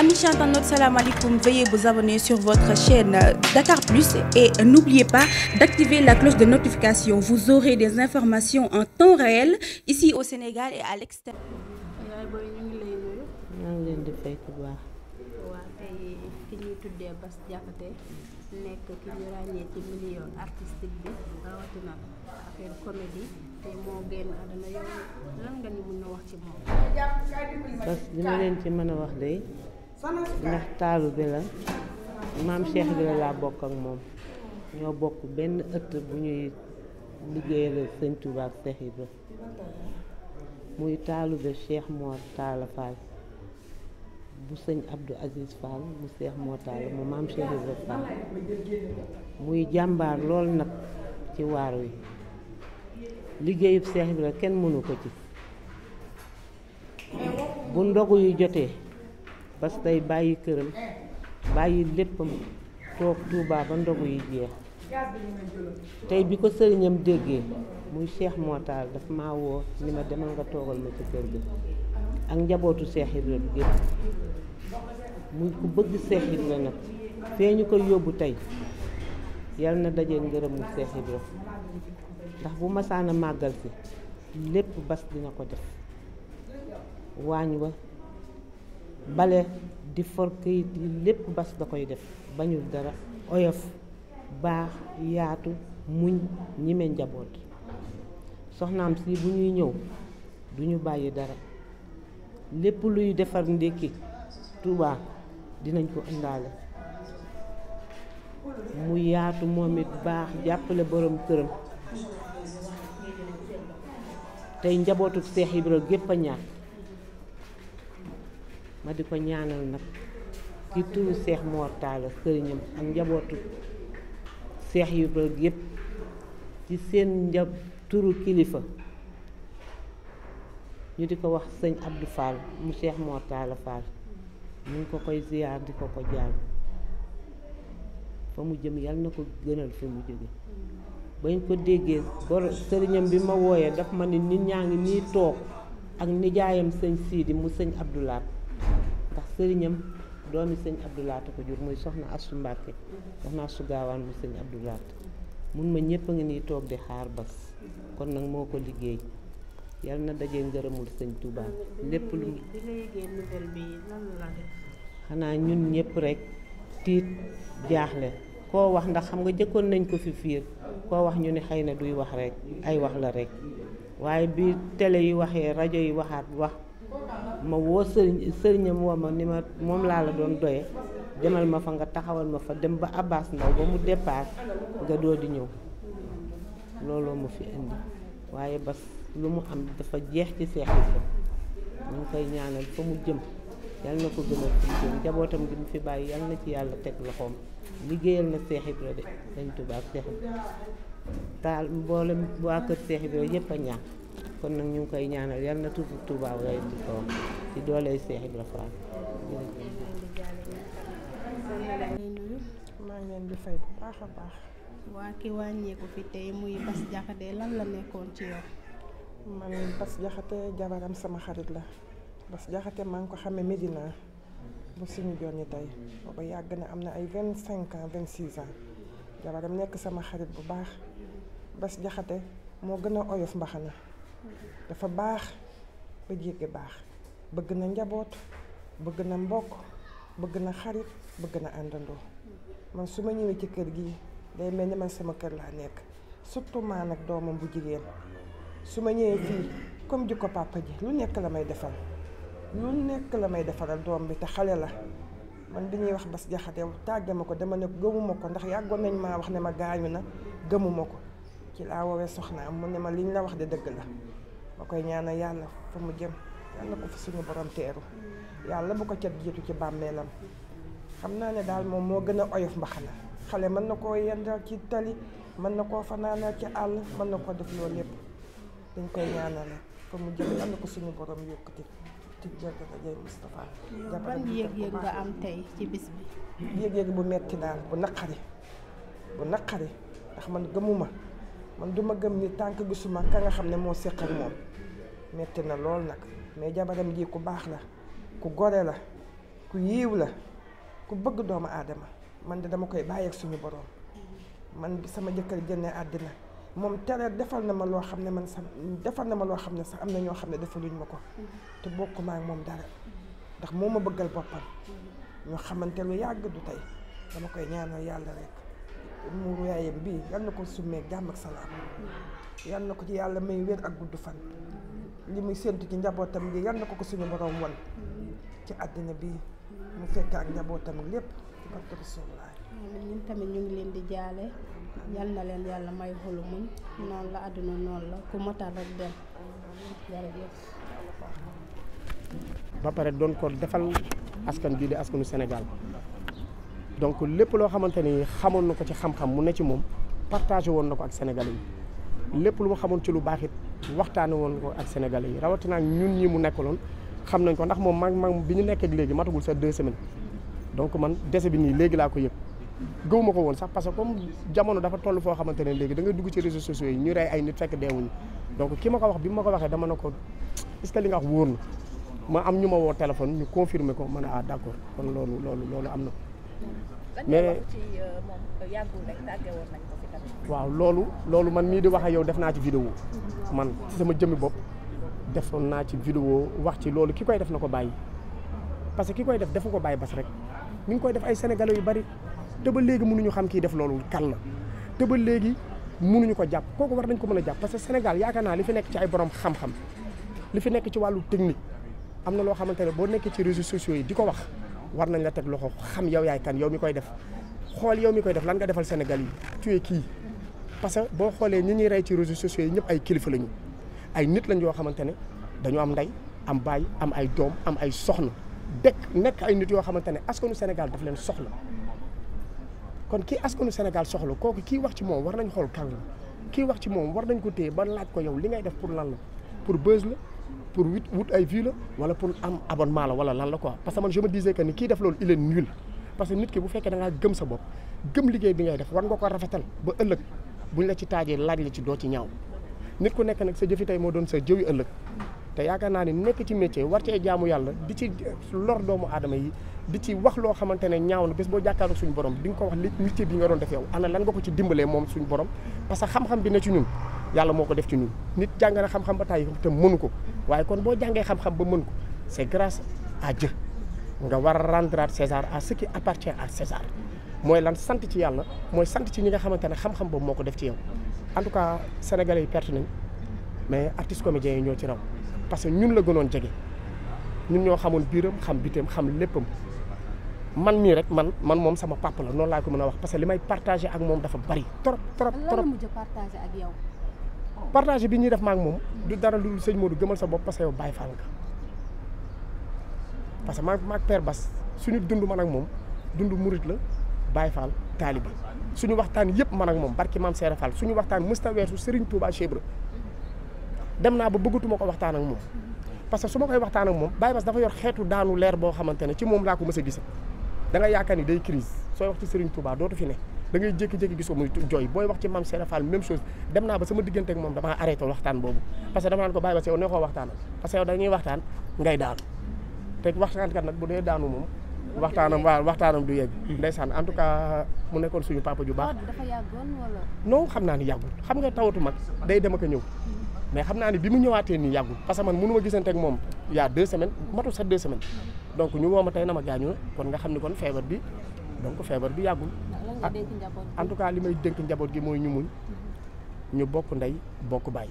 Amis internautes, salam alaikum. Veuillez vous abonner sur votre chaîne Dakar Plus et n'oubliez pas d'activer la cloche de notification. Vous aurez des informations en temps réel ici au Sénégal et à l'extérieur. maa di fay bu bi rawatina wax ci moom. parce leen ci mën a wax de ndax taalu bi la maam Cheikh bi la laa bokk ak moom ñoo bokk benn ëtt bu ñuy liggéeyal sëñ Touba ak Cheikh Ibra muy taalu bi Cheikh Mor Talla Fall bu sëñ abdu Aziz Fall mu seex Mor Talla mu maam Cheikh Ibra Fall muy jàmbaar lool nag ci waar wi liggéeyub bi Ibra kenn mënu ko ci bu ndogu yu jotee parce que day bàyyi këram bàyyi léppam toog Tuubaa ndogu yi jeex tey bi ko sëriñam déggee muy Cheikh taal dafa ma woo ni ma demal nga toogal ma ci kër gi ak njabootu Cheikh Ibrahima gépp muy ku bëgg Cheikh Ibrahima nag fee ñu ko yóbbu tey yal na daje ngërëmu Cheikh Ibrahima ndax bu masaana màggal si lépp bas dina ko def waañ wa bale di forkit yi lépp bas da koy def bañul dara oyof baax yaatu muñ ñime njaboot soxnaam si bu ñuy ñëw ñu bàyyi dara lépp luy defar ndékki Tuubaa dinañ ko indaale mu yaatu moom it baax jàppale boroom këram tey njabootu Seex Ibra gépp a ñaar ma di ko ñaanal nag ci turu seex Mor sëriñam ak njabootu seex yu bëgg yépp ci seen njab turu kilifa ñu di ko wax sëñ Abdou Fall mu seex Mor Talla Fall ngi ko koy ziyaar di ko ko jaal fa mu jëm yàlla na ko gënal fi mu jóge bañ ko déggee bor sëriñam bi ma wooyee daf ma ni nit ñaa ngi nii toog ak nijaayam sëñ Sidi mu sëñ Abdoulaye sëriñam doomi sëñ Abdoulaat ko jur muy soxna Asu Mbàkke soxna Asu Gaawaan bu sëñ Abdoulaat mun ma ñëpp a ngi ni toog di xaar bas kon nag moo ko liggéey yal na dajee ngërëmul sëñ Touba lépp lu xanaa ñun ñëpp rek tiit jaaxle koo wax ndax xam nga jëkkoon nañ ko fi fiir koo wax ñu ni xëy na duy wax rek ay wax la rek waaye bi télé yi waxee rajo yi waxaat wax ma woo sëriñ sëriñam woo ma ni ma moom laa la doon doye demal ma fa nga taxawal ma fa dem ba Abbas Ndaw ba mu départ nga doo di ñëw looloo mu fi indi waaye bas lu mu am dafa jeex ci Seex Ibra ñu ngi koy ñaanal fa mu jëm yal na ko gënal fi mu jëm mu fi bàyyi yal na ci yàlla teg loxoom liggéeyal na Seex Ibra de dañ tubaab Seex Ibra taal mboolem waa kër Seex Ibra yépp a ñaan kon nag ñu ngi koy ñaanal yal na tuuti Touba lay ci kawam ci dooley Seex Ibra Faal. maa ngi leen di fay bu baax a baax. waa ki wàññeeku fi tey muy Bass Diakhaté lan la nekkoon ci yow. man Bass Diakhaté jabaram sama xarit la Bass Diakhaté maa ngi ko xamee Medina bu suñu jonni tey booba yàgg na am na ay vingt cinq ans vingt six ans jabaram nekk sama xarit bu baax bas Diakhaté moo gën a oyof mbaxana dafa baax ba jéggi baax bëgg na njaboot bëgg na mbokk bëgg na xarit bëgg na àndandoo man su ma ñëwee ci kër gi day mel ni man sama kër laa nekk surtout maa nag doomam bu jigéen su ma ñëwee fii comme jikko papa ji lu nekk la may defar lu nekk la may defaral doom bi te xale la man bi ñuy wax bas jaxate tàgge ma ko dama ne gëmuma ko ndax yàggoon nañ maa wax ne ma gaañu na gëmuma ko ci laa woowee soxnaam mu ne ma liñ la wax de dëgg la ma koy ñaanal yàlla fa mu jëm yàlla ko fi suñu borom teeru yàlla bu ko cat jiitu ci bàmmeelam xam naa ne daal moom moo gën a oyof mbaxana xale mën na koo yendal ci tali mën na koo fanaanal ci àll mën na koo def loolu lépp dañ koy ñaanale fa mu jëm yàlla ko suñu borom yëkkati ci jërëjëf Ndiaye Moustapha. yow ban yëg-yëg nga am tey ci bis bi. yëg-yëg bu metti daal bu naqari bu naqari ndax man gëmuma man duma gëm ni tànk gisuma ka nga xam ne moo séq ak moom. metti na lool nag mais jabaram ji ku baax la ku gore la ku yiiw la ku bëgg doomu aadama man de dama koy bàyyi ak suñu borom man bi sama jëkkër génne àddina moom tere defal na ma loo xam ne man sax defal na ma loo xam ne sax am na ñoo xam ne defaluñ ma ko te bokkuma ak moom dara ndax moo ma bëggal boppam ñoo xamante lu yàgg du tey dama koy ñaanal yàlla rek muuru yaayam bii yal ko summee jàmm ak salaam yal na ko ci yàlla may wér ak gudd fan li muy séntu ci njabootam gi yal na ko ko suñu borom won ci àddina bi mu fekk ak njabootam lépp tamit ñu ngi leen di jaale yal na leen yàlla may xolu muñ noonu la àdduna noon la ku motal rek dem ba pare doon ko defal askan bii de askanu Sénégal donc lépp loo xamante ni xamoon na ko ci xam-xam mu ne ci moom partage woon na ko ak Sénégalais yi lépp lu ma xamoon ci lu baaxit it woon ko ak sénégalais yi rawatina ñun ñii mu nekk loon xam nañ ko ndax moom mag mag bi ñu nekk ak léegi matagul sa deux semaine donc man dese bi nii léegi laa ko yëg gëw ma ko woon sax parce que comme jamono dafa toll foo xamante ne léegi dangay dugg ci réseaux sociaux yi ñu rey ay nit fekk deewuñu donc ki ma ko wax bi ma ko waxee dama na ko est-ce que li nga wax wóor na ma am ñu ma woo téléphone ñu confirmer ko ma ne ah kon loolu loolu loolu am na mais euh, euh, waaw loolu loolu man mii di wax yow def naa ci vidéo mhm. man ci sama jëmmi bopp defoon naa ci vidéo wax ci loolu ki koy def na ko bàyyi parce que ki koy def defu ko bàyyi bas rek mi ngi koy def ay sénégalais yu bari te ba léegi mënuñu xam kii def loolu kan la te ba léegi mënuñu ko jàpp kooku war nañ ko mën a jàpp parce que Sénégal yaakaar naa li fi nekk ci ay borom xam-xam li fi nekk ci wàllu technique am na loo xamante ne boo nekkee ci réseaux sociaux di ko wax war nañ la teg loxo xam yow yaay kan yow mi koy def xool yow mi koy def lan nga defal Sénégal yi tuye kii parce que boo xoolee ñi ñuy rey ci réseaux sociaux yi ñëpp ay kilifa lañu ay nit lañ yoo xamante ne dañu am ndey am baay am ay doom am ay soxna dekk nekk ay nit yoo xamante ne askanu Sénégal daf leen soxla kon kii askanu Sénégal soxla kooku kii wax ci moom war nañ xool kan la kii wax ci moom war nañ ko téye ba laaj ko yow li ngay def pour lan la pour buzz la pour wut wut ay vues la wala pour am abonnement la wala lan la quoi parce que man je me disais que ni kii def loolu il est nul parce que nit ki bu fekkee da ngaa gëm sa bopp gëm liggéey bi ngay def war nga ko rafetal ba ëllëg buñ la ci taajee laaj la ci doo ci ñaaw nit ku nekk nag sa jëfi tey moo doon sa jëwi ëllëg te yaakaar naa ni nekk ci métier war cee jaamu yàlla di ci lor doomu aadama yi di ci wax loo xamante ne ñaaw na bés boo jàkkaarloo suñu borom di nga ko wax li métier bi nga doon def yow ana lan nga ko ci dimbalee moom suñu borom parce que xam-xam bi ne ci ñun yàlla moo ko def ci ñun nit jàngana na xam-xam ba tàyyi te mënu ko waaye kon boo jàngee xam-xam ba mën ko c'est grace à Dieu nga war a rendre à César à ce qui appartient à César mooy lan sant ci yàlla mooy sant ci ñi nga xamante ne xam-xam boobu moo ko def ci yow. en tout cas sénégalais yi perte nañ mais artistes comédiens yi ñoo ci raw parce que ñun la gënoon jege ñun ñoo xamoon biiram xam bitam xam léppam man mii rek man man moom sama papa la noonu laa ko mën a wax parce que li may partagé ak moom dafa bari trop trop trop ak yow. partage bi ñuy def maak moom du dara lu sëñ Modou gëmal sa bopp parce que yow Baye Fall nga parce que maak maak Père Bass suñu dund man ak moom dund murit la Baye Fall taaliba suñu waxtaan yëpp man ak moom barki maam Seere Fall suñu waxtaan mësta weesu Serigne Touba Chebre dem naa ba bëggatuma ko waxtaan ak moom parce que su ma koy waxtaan ak moom Baye Bass dafa yor xeetu daanu leer boo xamante ne ci moom laa ko mës a gis da nga yaakaar ni day crise so wax ci dootu fi ne da ngay jékki-jékki gis ko muy jooy booy wax ci maam Serap Fall même chose dem naa ba sama diggante ak moom damaa arrêté waxtaan boobu parce que dama naan ko bàyyi ba sa yow ne koo waxtaanal parce que yow dañuy waxtaan ngay daanu te waxtaankat nag bu dee moom hmm. en tout cas mu nekkoon suñu papa ju baax oh, xam naa ni yàggul xam nga tawatu mag day dem ak a ñëw hmm. mais xam naa ni bi mu ñëwaatee nii yàggul parce que man mënu ma gisante ak moom y a deux semaines matul sax deux semaines hmm. donc ñu woo ma tey na ma gaañu kon nga xam ni kon feebar bi donc feebar bi yàggul. en tout cas li may dénk njaboot gi mooy ñu muñ. Mhm. ñu bokk ndey bokk baay.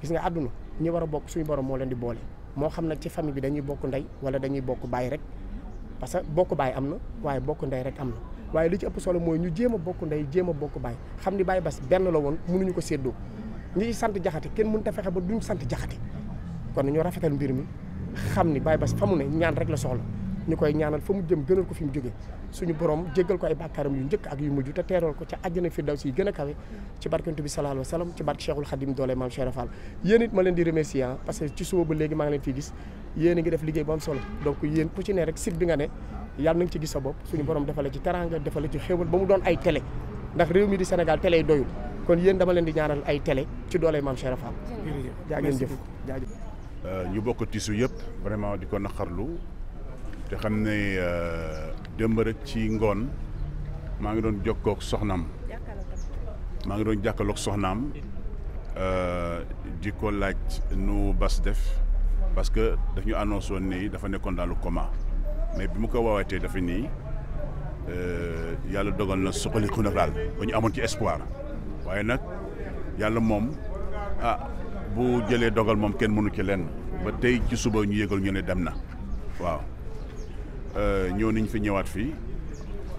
gis nga àdduna ñi war a bokk suñu borom moo leen di boole moo xam nag ci famille bi dañuy bokk ndey wala dañuy bokk bàyyi rek parce que bokk bàyyi am na waaye bokk ndey rek am na waaye li ci ëpp solo mooy ñu jéem a bokk ndey jéem a bokk baay xam ni baay bas benn la woon mënuñu ko séddoo ñi sant jaxate kenn mënut a fexe ba duñ sant jaxate kon ñu rafetal mbir mi xam ni baay bas fa mu ne ñaan rek la soxla. ñu koy ñaanal fa mu jëm gënal ko fi mu jóge suñu borom jéggal ko ay bàkkaaram yu njëkk ak yu mujj te teeral ko ca àjjana firdaws yi gën a kawe ci barkentu bi sallallahu alayhi wa sallam ci barke Cheikhul Khadim doole maam Cheikh it ma leen di remercier ah, parce ci suba ba léegi maa ngi leen fii gis yéen a ngi def liggéey bu am solo donc yéen ku ci rek site bi nga ne yàlla na nga ci gis sa bopp suñu borom defale ci teranga defale ci xéwal ba mu doon ay télé ndax réew mi di kon yéen dama leen di ñaanal ay télé ci doole maam Cheikh Fall jaa ngeen jëf jaajëf euh, ñu bokk yëpp vraiment di ko naqarlu te xam ne euh, démb rek ci ngoon maa ngi doon jokkook soxnaam maa ngi doon jàkkalook soxnaam euh, di ko laaj nu bas def parce que daf ñu annoncé nii dafa nekkoon daalu le mais bi mu ko waawatee dafa nii euh, yàlla dogal na suqaliku na daal ba ñu amoon ci espoir waaye nag yàlla moom ah bu jëlee dogal moom kenn mënu ci lenn ba tey ci suba ñu yëgal ñu ne dem na waaw Euh, ñëw nañ fi ñëwaat fii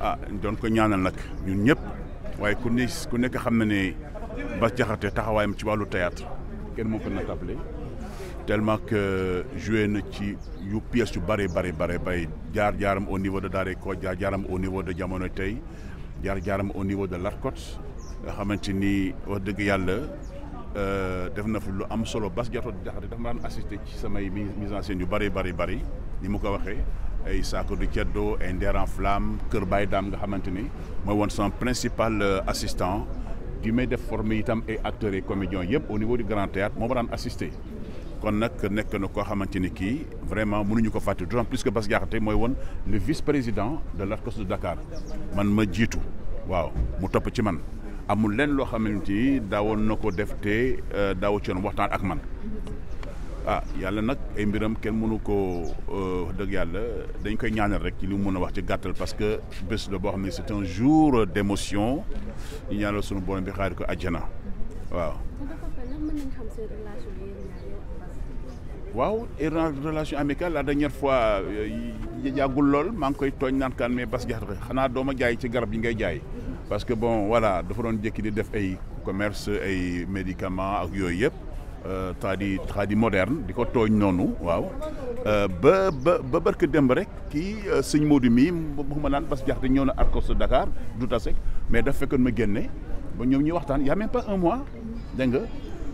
ah doon ko ñaanal nag ñun ñëpp waaye ku ne ku nekk xam na ne Bass Diakhaté taxawaayam ci wàllu théâtre kenn moo ko natable tellement que euh, joué na ci yu pièces yu bari bari bare bay jaar jaaram au niveau de Daaray Kocc jaar jaaram au niveau de jamono tey jaar jaaram au niveau de Larcotte nga xamante nii wax dëgg yàlla euh, def na fi lu am solo Bass Diakhaté dafa ma daan assisté ci samay mise en scène yu bare bare bari ni mu ko waxee ay Sakho du Ceddo ay Nder en Flamme Kër Baye Dame nga xamante ni mooy won son principal euh, assistant di may def forme itam ay acteurs et comédiens yëpp au niveau du Grand Théâtre moo ma daan assister. kon nag nekk na koo xamante ni kii vraiment mënuñu ko fàtte d'autant plus que Bass Diakhaté mooy woon le vice-président de l'ACOS de Dakar man ma jiitu waaw mu topp ci man. amul lenn loo xamante ni daawoon na ko def te euh, daawu ci woon waxtaan ak man ah yàlla nag ay mbiram kenn mënu ko euh, dëgg yàlla dañ koy ñaanal rek ci li mun a wax ci gàttal parce que bés la boo xam ne c'est un jour d'émotion ñu ñaanal sunu borom bi xaari ko ajana waaw. waaw relation amicale la dernière fois euh, yàggul lool maa ngi koy tooñ naan kaan mais Bass Diakhaté xanaa dooma jaay ci garab yi ngay jaay. parce que bon voilà dafa doon jékki di def ay commerce ay médicament ak yooyu yëpp. Euh, tradi tradi moderne di ko tooñ noonu waaw euh, ba ba ba barke démb rek kii euh, sëñ Modou mii ma naan parce que jaxte ñoo na arcos Dakar du tasek mais daf fekkoon ma génne ba ñoom ñu waxtaan y a même pas un mois dégg nga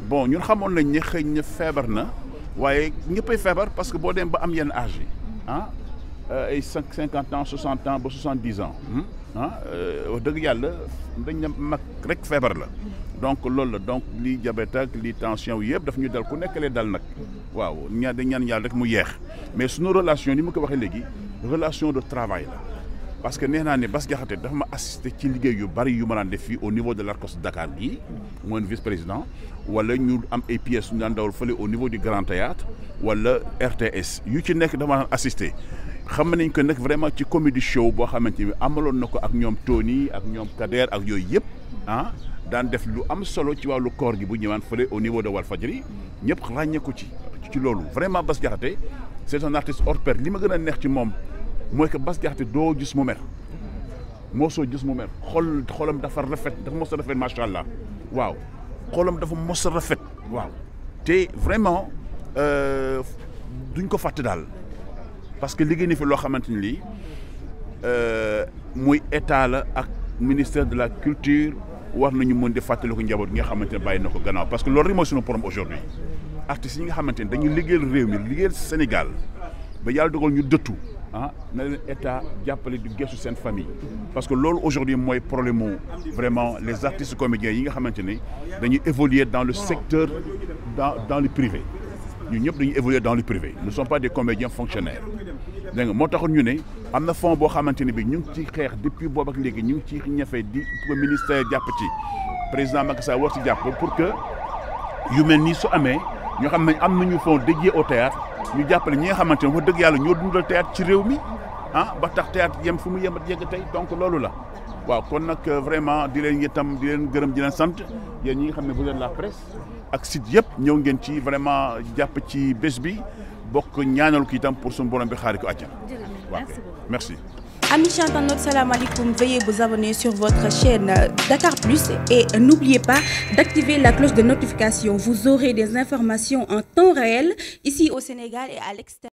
bon ñun xamoon nañ ne xëy na feebar na waaye ñëppay feebar parce que boo dem ba am yenn âge yi ah ay cinq cinquante ans soixante ans ba soixante dix ans. Hmm? ah euh, dëgg yàlla dañ ne mag rek feebar la donc loolu la donc lii diabète ak lii tension yëpp daf ñu dal ku nekkalee dal nag waaw ñaan dañ ñaan yàlla rek mu yeex mais suñu relation ni mu ko waxee léegi relation de travail la parce que nee naa ne Bas Diakhaté dafa ma assisté ci liggéey yu bari yu ma daan def fii au niveau de l'ARCOS Dakar gii mooy vice président wala ñu am ay pièces ñu daan dawal fële au niveau de Grand Théâtre wala RTS yu ci nekk dama assisté xam nañ ko nag vraiment ci comédie show boo xamante ni amaloon na ko ak ñoom Tony ak ñoom Kader ak yooyu yëpp ah daan def lu am solo ci wàllu koor gi bu ñëwaan fële au niveau de Walfadjri ñëpp ràññee ko ci ci loolu vraiment Bass Diakhaté c'est un artiste hors li ma gën a neex ci moom mooy que Bass Diakhaté doo gis mu mer moo soo gis mu mer xol xolam dafa rafet dafa mos a rafet macha allah waaw xolam dafa mos a rafet waaw te vraiment euh, duñ ko fàtte daal parce que liggéey na fi loo xamante ni lii euh, muy état la ak ministère de la culture war nañu mën di fàttaliku njaboot gi nga xamante ne bàyyi na ko gannaaw parce que loolu rek mooy suñu problème aujourd'hui artistes yi nga xamante ne dañu liggéeyal réew mi liggéeyal ba yàlla dogal ñu dëttu ah na jàppale du gestu seen famille parce que loolu aujourd'hui mooy problème mu vraiment les artistes comédiens yi nga xamante ne dañuy évoluer dans le secteur dans dans le privé ñu ñëpp dañuy évoluer dans le privé nous ne sommes pas des comédiens fonctionnaires dégg moo taxoon ñu ne am na fon boo xamante ne bi ñu ngi ciy xeex depuis boobu ak léegi ñu ngi ci ñafe di pour ministère jàpp ci président Macky Sall war ci jàpp pour que yu mel nii su amee ñoo xam ne am nañu fonds dédié au théâtre ñu jàppale ñi nga xamante ne wax dëgg yàlla ñoo dundal théâtre ci réew mi ah ba tax théâtre yem fu mu yemat yegg tey donc loolu la waaw kon nag euh, vraiment di leen itam di leen gërëm di sant yéen ñi nga xam ne vous êtes la presse ak site yëpp ñëw ci vraiment jàpp ci bés bi bokk ñaanal ko itam pour suñu borom bi xaari ko àjjana merci Amis chers internautes, salam alaikum. Veuillez vous abonner sur votre chaîne euh, Dakar Plus et euh, n'oubliez pas d'activer la cloche de notification. Vous aurez des informations en temps réel ici au Sénégal et à l'extérieur.